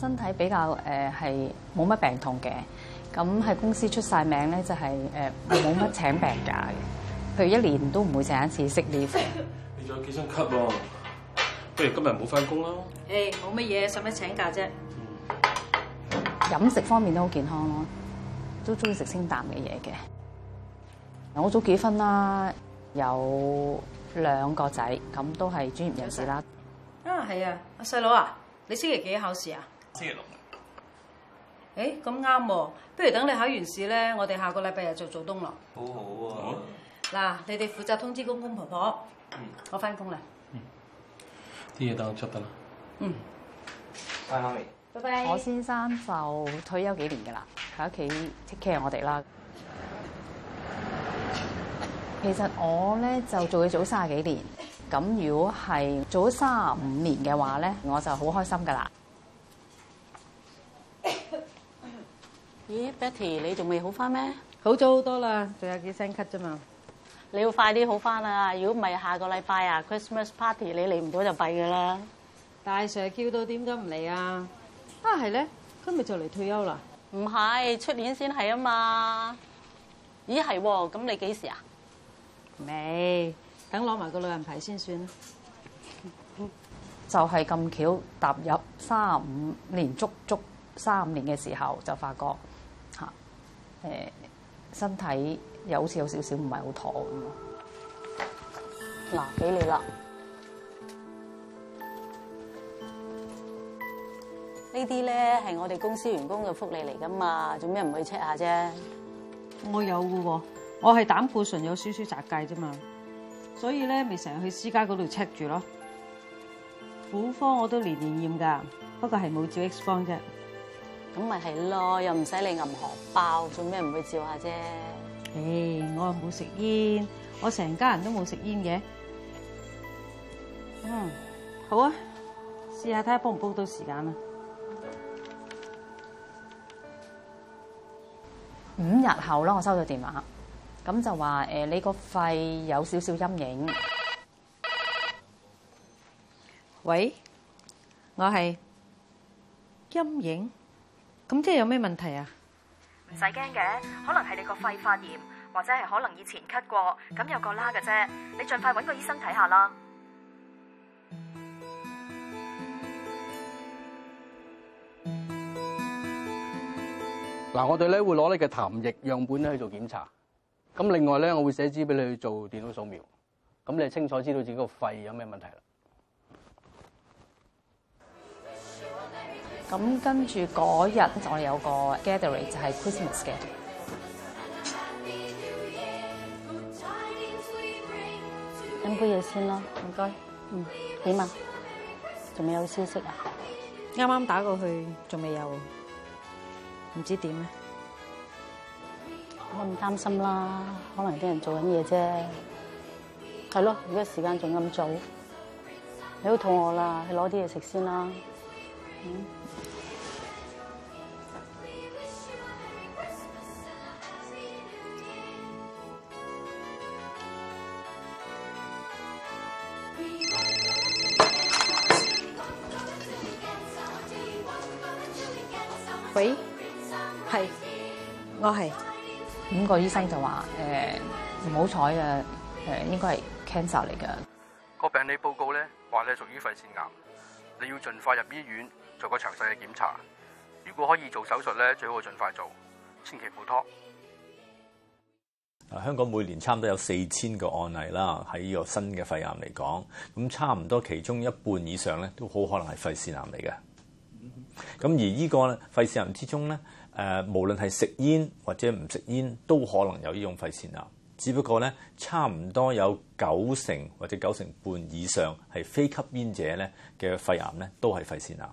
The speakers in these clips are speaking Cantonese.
身體比較誒係冇乜病痛嘅，咁喺公司出晒名咧、就係，就係誒冇乜請病假嘅。 譬如一年都唔會請一次 sick leave。你仲有幾張級喎、啊？不如今日冇返工啦。誒冇乜嘢，使乜請假啫、嗯？飲食方面都好健康咯，都中意食清淡嘅嘢嘅。我早幾分啦？有兩個仔咁都係專業人士啦。啊，係啊，阿細佬啊，你星期幾個考試啊？誒咁啱喎，不如等你考完試咧，我哋下個禮拜日就做冬啦。好好啊！嗱，你哋負責通知公公婆婆。嗯，我翻工啦。嗯，啲嘢等我出得啦。嗯，拜拜。拜拜。我先生就退休幾年噶啦，喺屋企 take care 我哋啦。其實我咧就做咗早卅幾年，咁如果係早咗卅五年嘅話咧，我就好開心噶啦。咦，Betty，你仲未好翻咩？好咗好多啦，仲有幾聲咳啫嘛！你要快啲好翻啦！如果唔係下個禮拜啊，Christmas party 你嚟唔到就弊噶啦。大 Sir 叫到點解唔嚟啊？啊，係咧，今日就嚟退休啦？唔係，出年先係啊嘛。咦，係喎，咁你幾時啊？未，等攞埋個老人牌先算啦。就係咁巧踏入三十五年足足三五年嘅時候，就發覺。吓，誒，身體又好似有少少唔係好妥咁嗱，俾你啦。呢啲咧係我哋公司員工嘅福利嚟噶嘛，做咩唔去 check 下啫？我有嘅喎，我係膽固醇有少少雜計啫嘛，所以咧咪成日去私家嗰度 check 住咯。骨科我都年年驗噶，不過係冇照 X 光啫。咁咪係咯，又唔使你揞荷包，做咩唔會照下啫？唉，我又冇食煙，我成家人都冇食煙嘅。嗯，好啊，試下睇下煲唔煲到時間啊！五日後囉，我收到電話，咁就話誒，你個肺有少少陰影。喂，我係陰影。咁即係有咩問題啊？唔使驚嘅，可能係你個肺發炎，或者係可能以前咳過，咁有個啦嘅啫。你盡快搵個醫生睇下啦。嗱， 我哋咧會攞你嘅痰液樣本咧去做檢查。咁另外咧，我會寫紙俾你去做電腦掃描。咁你清楚知道自己個肺有咩問題啦。咁跟住嗰日我哋有個 gathering 就係 Christmas 嘅飲杯嘢先啦，唔該，嗯，點啊？仲未有消息啊？啱啱打過去仲未有，唔知點咧？我唔擔心啦，可能啲人做緊嘢啫。係咯，如果時間仲咁早，你好肚餓啦，去攞啲嘢食先啦。嗯。喂、欸，係，我係。五、那個醫生就話，誒、欸，唔好彩啊，誒、欸，應該係 cancer 嚟噶。那個病理報告咧，話你係屬於肺腺癌，你要盡快入醫院做個詳細嘅檢查。如果可以做手術咧，最好盡快做，千祈唔好拖。啊，香港每年差唔多有四千個案例啦，喺呢個新嘅肺癌嚟講，咁差唔多其中一半以上咧，都好可能係肺腺癌嚟嘅。咁而呢個肺腺癌之中咧，誒無論係食煙或者唔食煙，都可能有呢種肺腺癌。只不過咧，差唔多有九成或者九成半以上係非吸煙者咧嘅肺癌咧，都係肺腺癌。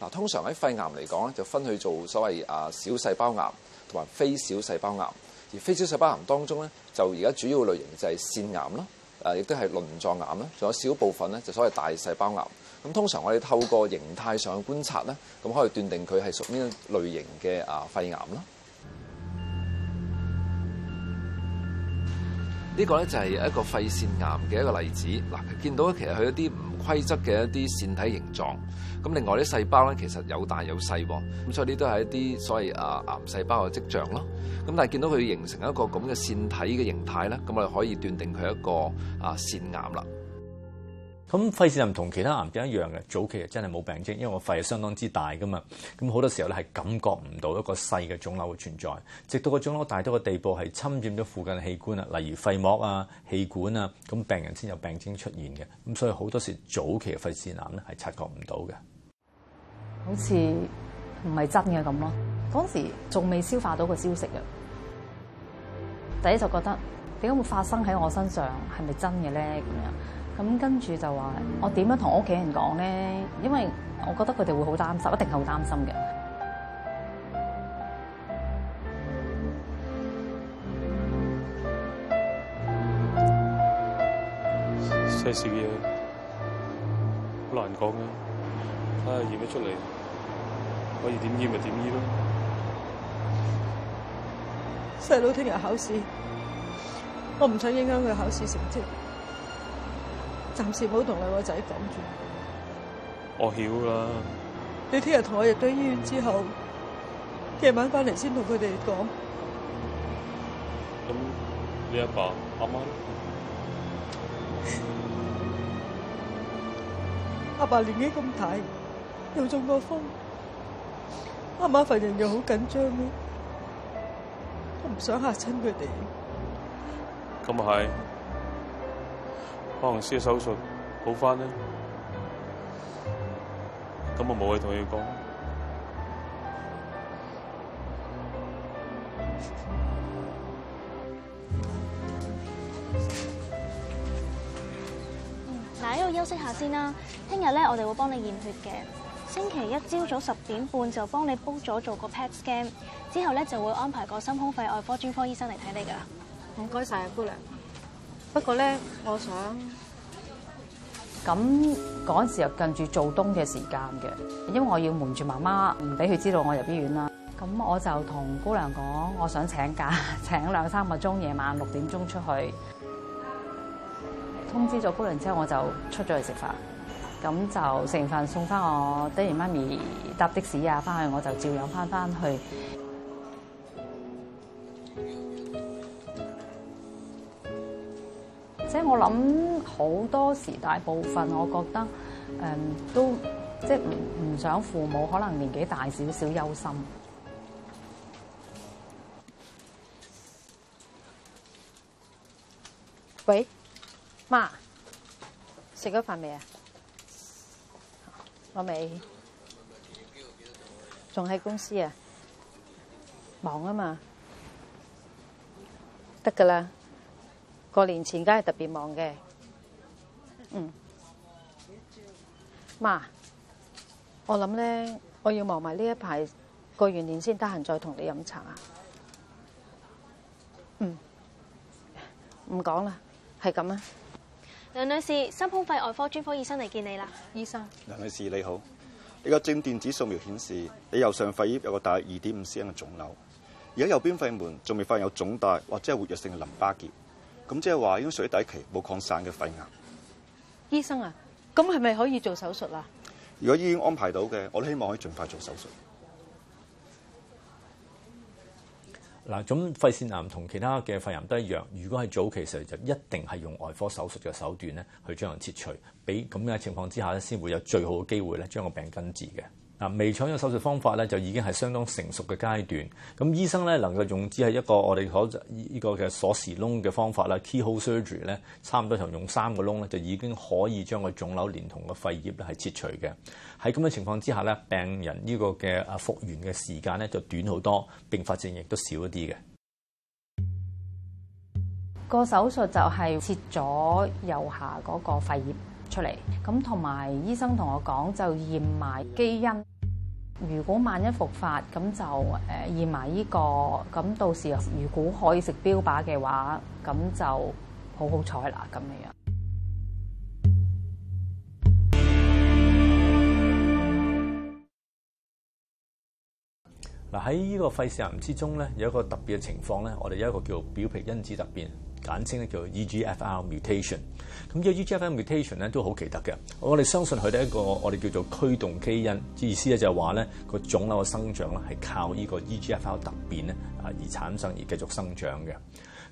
嗱，通常喺肺癌嚟講咧，就分去做所謂啊小細胞癌同埋非小細胞癌。而非小細胞癌當中咧，就而家主要類型就係腺癌啦，誒亦都係鱗狀癌啦，仲有少部分咧就所謂大細胞癌。咁通常我哋透過形態上嘅觀察咧，咁可以斷定佢係屬於邊類型嘅啊肺癌啦。呢個咧就係一個肺腺癌嘅一個例子。嗱，見到其實佢一啲唔規則嘅一啲腺體形狀。咁另外啲細胞咧其實有大有細喎。咁所以呢都係一啲所謂啊癌細胞嘅跡象咯。咁但係見到佢形成一個咁嘅腺體嘅形態咧，咁我哋可以斷定佢一個啊腺癌啦。咁肺腺癌唔同其他癌症一樣嘅，早期真係冇病徵，因為我肺係相當之大噶嘛。咁好多時候咧係感覺唔到一個細嘅腫瘤嘅存在，直到個腫瘤大到個地步係侵佔咗附近嘅器官啊，例如肺膜啊、氣管啊，咁病人先有病徵出現嘅。咁所以好多時早期嘅肺腺癌咧係察覺唔到嘅。好似唔係真嘅咁咯，當時仲未消化到個消息嘅。第一就覺得點解會發生喺我身上？係咪真嘅咧？咁樣。咁跟住就話：我點樣同屋企人講咧？因為我覺得佢哋會好擔心，一定係好擔心嘅。細事嘅，好難講嘅。睇下驗得出嚟，可以點醫咪點醫咯。細佬聽日考試，我唔想影響佢考試成績。暫時唔好同另一個仔講住，我曉啦。你聽日同我入咗醫院之後，夜晚翻嚟先同佢哋講。咁你阿爸阿媽，阿 爸，爸年紀咁大，又中過風，阿媽份人又好緊張嘅，我唔想嚇親佢哋。咁啊係。可能需要手術，好翻呢，咁我冇去同你講。嗱，喺度休息下先啦。聽日咧，我哋會幫你驗血嘅。星期一朝早十點半就幫你 book 咗做個 PET scan，之後咧就會安排個心胸肺外科專科醫生嚟睇你噶啦。唔該曬，姑娘。不過咧，我想咁嗰陣時又近住做冬嘅時間嘅，因為我要瞞住媽媽，唔俾佢知道我入醫院啦。咁我就同姑娘講，我想請假，請兩三個鐘，夜晚六點鐘出去。通知咗姑娘之後，我就出咗去食飯。咁就食完飯送翻我爹哋媽咪搭的士啊，翻去我就照樣翻翻去。即係我諗好多時，大部分我覺得誒都即係唔唔想父母可能年紀大少少憂心。喂，媽，食咗飯未啊？我未，仲喺公司啊，忙啊嘛，得噶啦。過年前梗係特別忙嘅，嗯，媽，我諗咧，我要忙埋呢一排過完年先得閒再同你飲茶啊。嗯，唔講啦，係咁啦。梁女士，心胸肺外科專科醫生嚟見你啦。醫生，梁女士你好，你個正電子掃描顯示你右上肺葉有個大二點五 cm 嘅腫瘤，而家右邊肺門仲未發現有腫大或者係活躍性嘅淋巴結。咁即係話已經屬於早期冇擴散嘅肺癌。醫生啊，咁係咪可以做手術啦？如果醫院安排到嘅，我都希望可以盡快做手術。嗱，咁肺腺癌同其他嘅肺癌都一樣，如果係早期時就一定係用外科手術嘅手段咧，去將人切除，俾咁樣嘅情況之下咧，先會有最好嘅機會咧，將個病根治嘅。啊，微創嘅手術方法咧，就已經係相當成熟嘅階段。咁醫生咧，能夠用只係一個我哋所講呢個嘅鎖匙窿嘅方法啦，keyhole surgery 咧，差唔多就用三個窿咧，就已經可以將個腫瘤連同個肺葉咧係切除嘅。喺咁嘅情況之下咧，病人呢個嘅啊復原嘅時間咧就短好多，併發症亦都少一啲嘅。個手術就係切咗右下嗰個肺葉。出嚟，咁同埋醫生同我講就驗埋基因，如果萬一復發，咁就誒驗埋呢個，咁到時如果可以食標靶嘅話，咁就好好彩啦咁樣。嗱，喺呢個肺腺癌之中咧，有一個特別嘅情況咧，我哋有一個叫表皮因子突變。簡稱咧叫做 EGFR mutation，咁呢個 EGFR mutation 咧都好奇特嘅。我哋相信佢哋一個我哋叫做驅動基因，即意思咧就係話咧，個腫瘤嘅生長咧係靠呢個 EGFR 突變咧啊而產生而繼續生長嘅。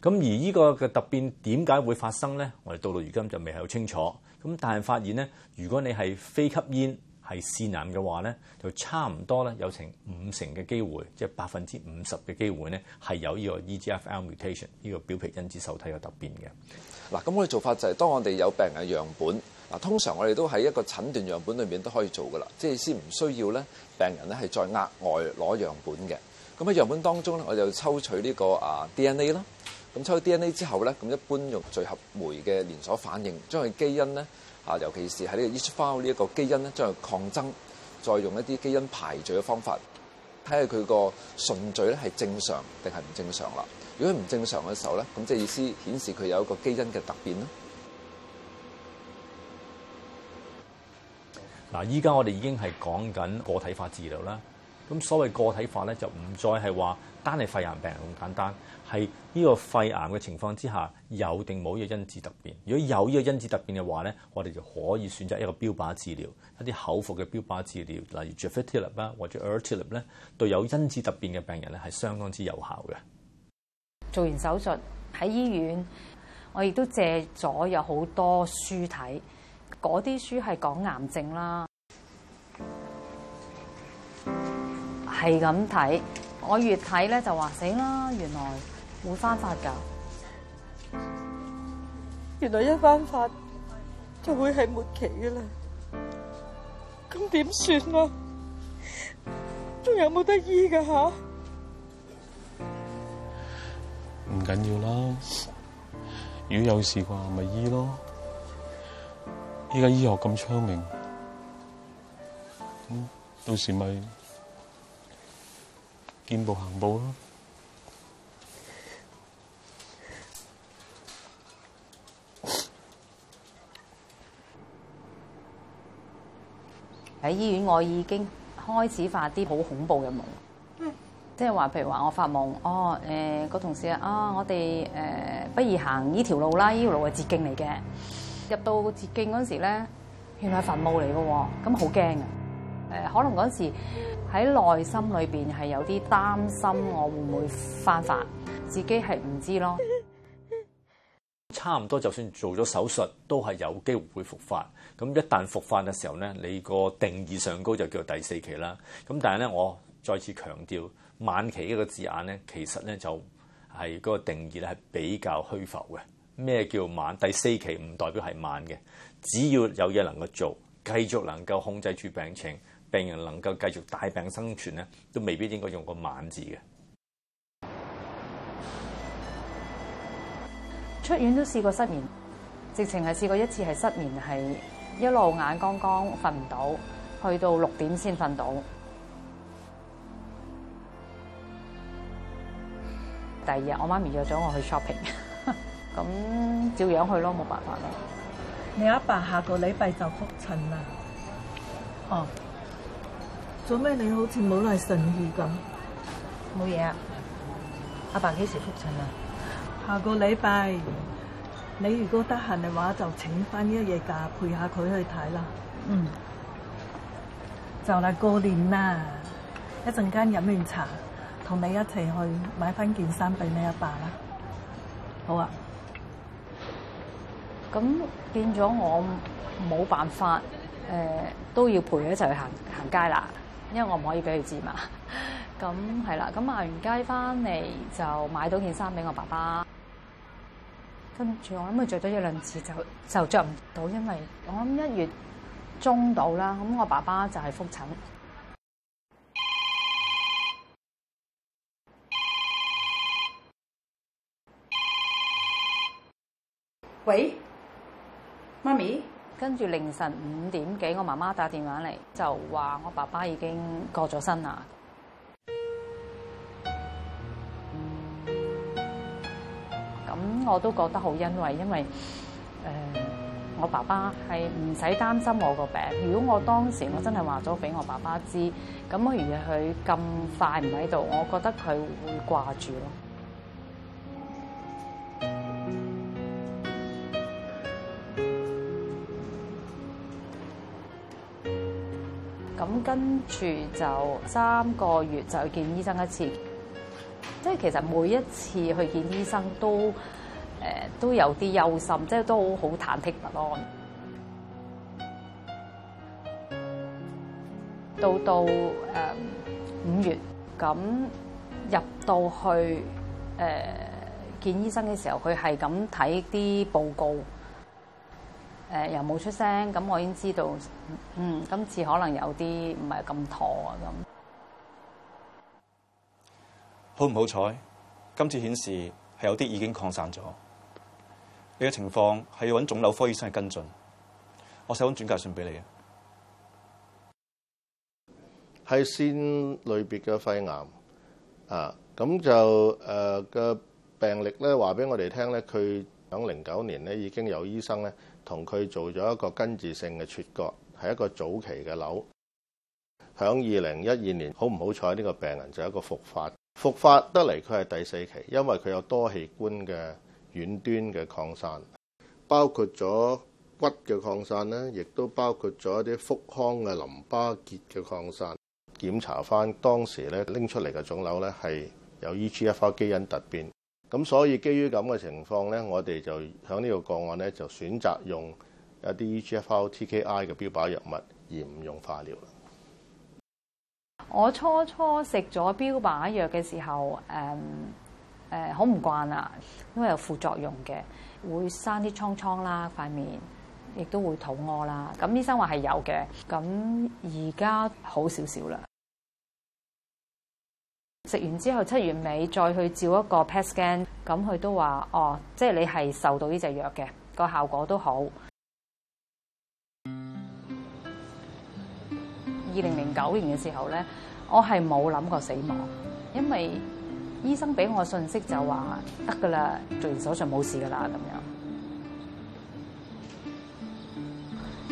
咁而呢個嘅突變點解會發生咧？我哋到到如今就未係好清楚。咁但係發現咧，如果你係非吸煙係腺癌嘅話咧，就差唔多咧，有成五成嘅機會，即係百分之五十嘅機會咧，係有呢個 EGFR mutation 呢個表皮因子受體嘅突變嘅。嗱，咁我嘅做法就係、是、當我哋有病人嘅樣本，嗱，通常我哋都喺一個診斷樣本裏面都可以做噶啦，即係先唔需要咧病人咧係再額外攞樣本嘅。咁喺樣本當中咧，我就抽取呢個啊 DNA 咯。咁抽到 DNA 之後咧，咁一般用聚合酶嘅連鎖反應將佢基因咧。啊，尤其是喺呢個 EGFR 呢一個基因咧，將佢擴增，再用一啲基因排序嘅方法，睇下佢個順序咧係正常定係唔正常啦。如果佢唔正常嘅時候咧，咁即係意思顯示佢有一個基因嘅突變咯。嗱，依家我哋已經係講緊個體化治療啦。咁所謂個體化咧，就唔再係話單係肺癌病人咁簡單，喺呢個肺癌嘅情況之下有定冇呢個因子突變。如果有呢個因子突變嘅話咧，我哋就可以選擇一個標靶治療，一啲口服嘅標靶治療，例如 Gefitinib 啦或者 Erlotinib 咧，對有因子突變嘅病人咧係相當之有效嘅。做完手術喺醫院，我亦都借咗有好多書睇，嗰啲書係講癌症啦。係咁睇，我越睇咧就話死啦！原來冇翻法噶，原來一翻法就會係末期噶啦，咁點算啊？仲有冇得醫噶吓？唔緊要啦，如果有事嘅話咪醫咯。依家醫學咁昌明，到時咪。見步行步咯。喺醫院，我已經開始發啲好恐怖嘅夢，即係話，譬如話，我發夢，哦，誒、呃，個同事啊，啊、哦，我哋誒、呃，不如行呢條路啦，呢條路係捷徑嚟嘅。入到捷徑嗰時咧，原來係墳墓嚟嘅，咁好驚啊！誒可能嗰時喺內心裏邊係有啲擔心，我會唔會翻發？自己係唔知咯。差唔多就算做咗手術，都係有機會會復發。咁一旦復發嘅時候咧，你個定義上高就叫做第四期啦。咁但係咧，我再次強調，晚期一個字眼咧，其實咧就係嗰個定義咧係比較虛浮嘅。咩叫晚？第四期唔代表係晚嘅，只要有嘢能夠做，繼續能夠控制住病情。病人能夠繼續帶病生存咧，都未必應該用個晚字嘅。出院都試過失眠，直情係試過一次係失眠，係一路眼光光瞓唔到，去到六點先瞓到。第二日我媽咪約咗我去 shopping，咁 照樣去咯，冇辦法啦。你阿爸，爸下個禮拜就覆診啦。哦。做咩？你好似冇嚟神意咁，冇嘢啊。阿爸幾時覆診啊？下個禮拜。你如果得閒嘅話，就請翻一日假陪下佢去睇啦。嗯。就嚟、是、過年啦，一陣間飲完茶，同你一齊去買翻件衫俾你阿爸啦。好啊。咁變咗我冇辦法，誒、呃、都要陪佢一齊去行行街啦。因為我唔可以俾佢知嘛，咁係啦，咁買完街翻嚟就買到件衫俾我爸爸，跟住我諗佢著咗一兩次就就著唔到，因為我諗一月中到啦，咁我爸爸就係覆診。喂，媽咪。跟住凌晨五點幾，我媽媽打電話嚟就話我爸爸已經過咗身啦。咁、嗯、我都覺得好欣慰，因為誒、呃、我爸爸係唔使擔心我個病。如果我當時我真係話咗俾我爸爸知，咁如佢咁快唔喺度，我覺得佢會掛住咯。跟住就三個月就去見醫生一次，即係其實每一次去見醫生都誒、呃、都有啲憂心，即係都好忐忑不安。到到誒五、呃、月，咁入到去誒、呃、見醫生嘅時候，佢係咁睇啲報告。誒又冇出聲，咁我已經知道，嗯，今次可能有啲唔係咁妥啊。咁好唔好彩，今次顯示係有啲已經擴散咗。你嘅情況係要搵腫瘤科醫生去跟進。我寫緊轉介信俾你，係腺類別嘅肺癌啊。咁就誒嘅、呃那個、病歷咧，話俾我哋聽咧，佢響零九年咧已經有醫生咧。同佢做咗一個根治性嘅切割，係一個早期嘅瘤。響二零一二年，好唔好彩呢個病人就一個復發，復發得嚟佢係第四期，因為佢有多器官嘅遠端嘅擴散，包括咗骨嘅擴散咧，亦都包括咗一啲腹腔嘅淋巴結嘅擴散。檢查翻當時咧拎出嚟嘅腫瘤咧係有 EGFR 基因突變。咁所以基於咁嘅情況咧，我哋就喺呢個個案咧，就選擇用一啲 EGFR TKI 嘅標靶藥物，而唔用化療啦。我初初食咗標靶藥嘅時候，誒誒好唔慣啊，因為有副作用嘅，會生啲瘡瘡啦塊面，亦都會肚屙啦。咁醫生話係有嘅，咁而家好少少啦。食完之後，七月尾再去照一個 PET scan，咁佢都話哦，即係你係受到呢隻藥嘅個效果都好。二零零九年嘅時候咧，我係冇諗過死亡，因為醫生俾我信息，就話得噶啦，做完手術冇事噶啦，咁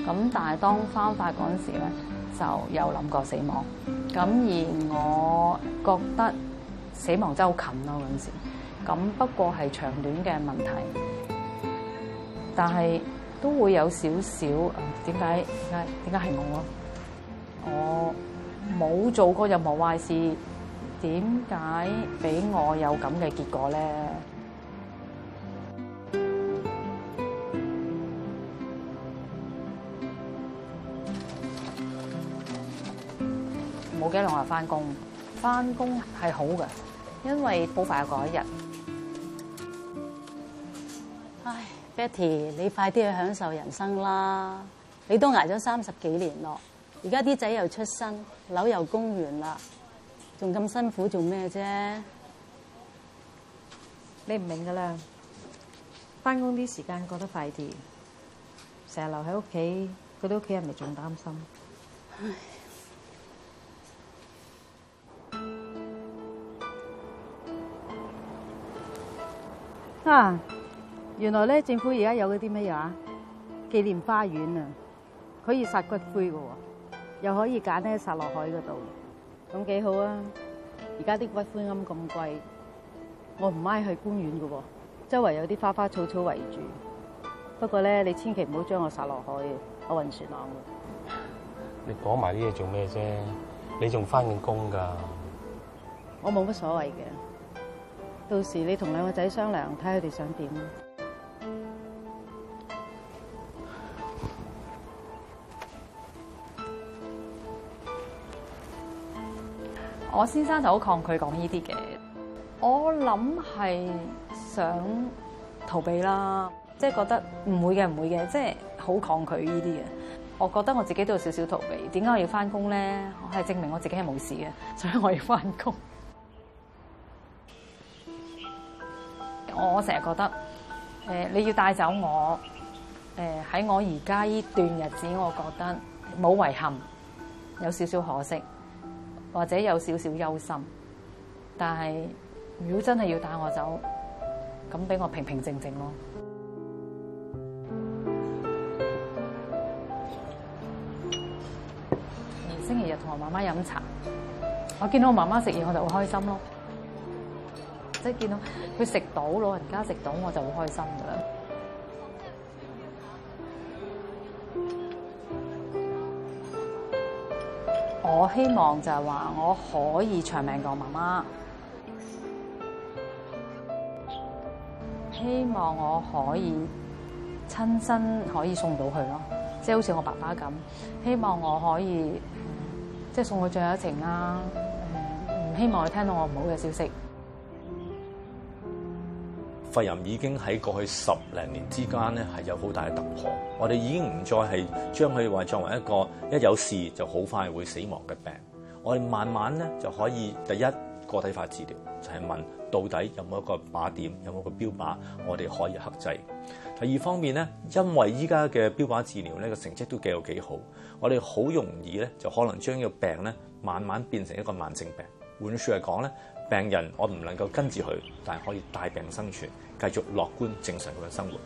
樣。咁但係當翻發嗰陣時咧，就有諗過死亡。咁而我。覺得死亡真係好近咯，嗰陣時。咁不過係長短嘅問題，但係都會有少少。點解，點解，點解係我？我冇做過任何壞事，點解俾我有咁嘅結果咧？冇幾耐我翻工。翻工係好嘅，因為好快又過一日。唉、哎、Betty，你快啲去享受人生啦！你都挨咗三十幾年咯，而家啲仔又出生，樓又供完啦，仲咁辛苦做咩啫？你唔明噶啦，翻工啲時間過得快啲，成日留喺屋企，佢哋屋企人咪仲擔心。唉、哎。啊，原來咧政府而家有嗰啲咩嘢？啊，紀念花園啊，可以撒骨灰噶，又可以揀咧撒落海嗰度，咁幾好啊！而家啲骨灰龕咁貴，我唔買去公園噶，周圍有啲花花草草圍住。不過咧，你千祈唔好將我撒落海，我暈船浪！你講埋啲嘢做咩啫？你仲返緊工噶？我冇乜所謂嘅。到時你同兩個仔商量，睇佢哋想點。我先生就好抗拒講呢啲嘅，我諗係想逃避啦，即係覺得唔會嘅，唔會嘅，即係好抗拒呢啲嘅。我覺得我自己都有少少逃避，點解我要翻工咧？我係證明我自己係冇事嘅，所以我要翻工。我我成日覺得，誒、呃、你要帶走我，誒、呃、喺我而家依段日子，我覺得冇遺憾，有少少可惜，或者有少少憂心。但係如果真係要帶我走，咁俾我平平靜靜咯、嗯。星期日同我媽媽飲茶，我見到我媽媽食嘢，我就好開心咯。即係見到佢食到老人家食到，我就會開心㗎啦。我希望就係話我可以長命過媽媽，希望我可以親身可以送到佢咯，即係好似我爸爸咁。希望我可以即係送佢最後一程啦，唔希望佢聽到我唔好嘅消息。肺癌已經喺過去十零年之間咧，係有好大嘅突破。我哋已經唔再係將佢話作為一個一有事就好快會死亡嘅病。我哋慢慢咧就可以第一個體化治療，就係問到底有冇一個靶點，有冇個標靶，我哋可以克制。第二方面咧，因為依家嘅標靶治療咧，個成績都幾有幾好，我哋好容易咧就可能將個病咧慢慢變成一個慢性病。換説嚟講咧。病人，我唔能夠根治佢，但係可以帶病生存，繼續樂觀正常咁樣生活。